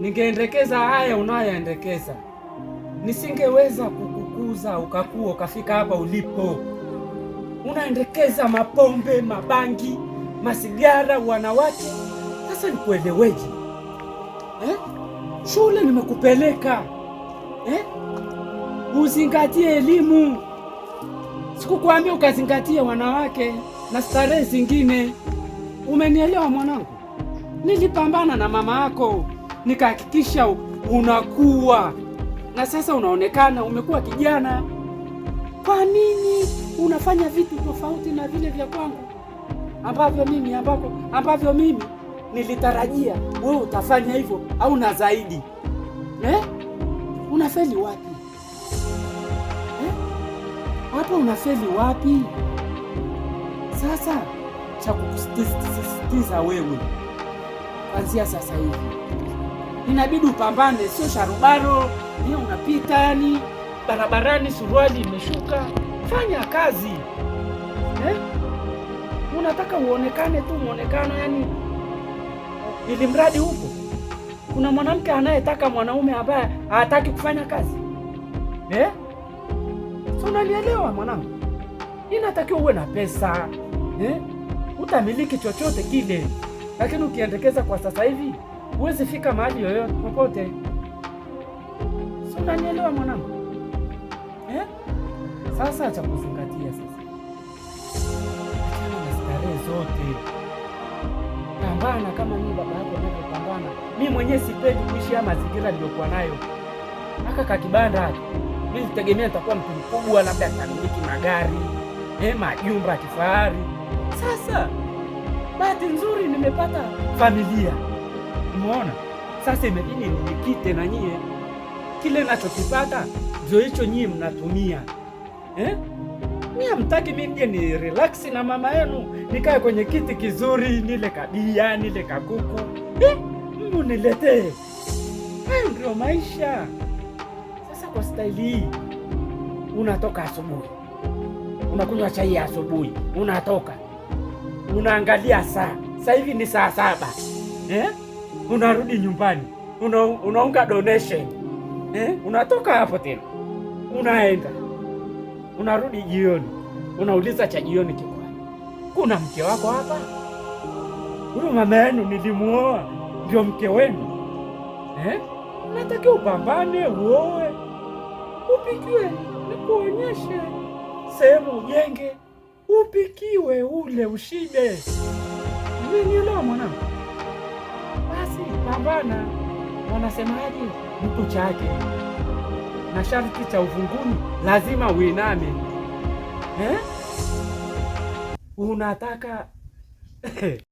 ningeendekeza haya unayoendekeza, nisingeweza kukukuza ukakuwa ukafika hapa ulipo. Unaendekeza mapombe, mabangi, masigara, wanawake. Sasa nikueleweje eh? Shule nimekupeleka eh? Uzingatie elimu, sikukuambia ukazingatie wanawake na starehe zingine. Umenielewa mwanangu? Nilipambana na mama yako nikahakikisha unakuwa na sasa unaonekana umekuwa kijana. Kwa nini unafanya vitu tofauti na vile vya kwangu ambavyo mimi ambako ambavyo mimi nilitarajia wewe utafanya hivyo au na zaidi eh? Unafeli wapi hapa eh? Unafeli wapi sasa? Cha kukusisitiza wewe, kuanzia sasa hivi inabidi upambane, sio sharubaro hiyo unapita yani barabarani suruali imeshuka. Fanya kazi eh? Unataka uonekane tu mwonekano yani, ili mradi huko kuna mwanamke anayetaka mwanaume ambaye hataki kufanya kazi eh? So unanielewa mwanangu, inatakiwa uwe na pesa eh? Utamiliki chochote kile, lakini ukiendekeza kwa sasa hivi huwezi fika mahali yoyote popote. Si unanielewa mwanangu eh? Sasa cha kuzingatia sasa, achana na starehe zote, pambana kama mimi baba yako anavyopambana. Mimi mwenyewe sipendi kuishi haya mazingira niliyokuwa nayo, aka kakibanda haki mimi nitegemea nitakuwa mtu mkubwa, labda nitamiliki magari eh, majumba ya kifahari. Sasa bahati nzuri nimepata familia Umeona? Sasa imebidi ninikite na nyie, kile nachokipata ndio hicho nyie mnatumia eh? Mimi hamtaki mimi nje ni relax na mama yenu, nikae kwenye kiti kizuri, nile kabia, nile kakuku eh? Muniletee hayo, ndio maisha. Sasa kwa staili hii unatoka asubuhi, unakunywa chai asubuhi, unatoka unaangalia saa, sasa hivi ni saa saba eh? unarudi nyumbani, una, unaunga donation eh? Unatoka hapo tena unaenda unarudi jioni, unauliza cha jioni kikwani, kuna mke wako hapa? Huyu mama yenu nilimuoa, ndio mke wenu eh? Natakiwa upambane, uoe, upikiwe, nikuonyeshe sehemu ujenge, upikiwe, ule ushibe. Umenielewa mwanangu? Hapana, wanasemaje? Mtu chake na sharti cha uvunguni lazima uiname eh? Unataka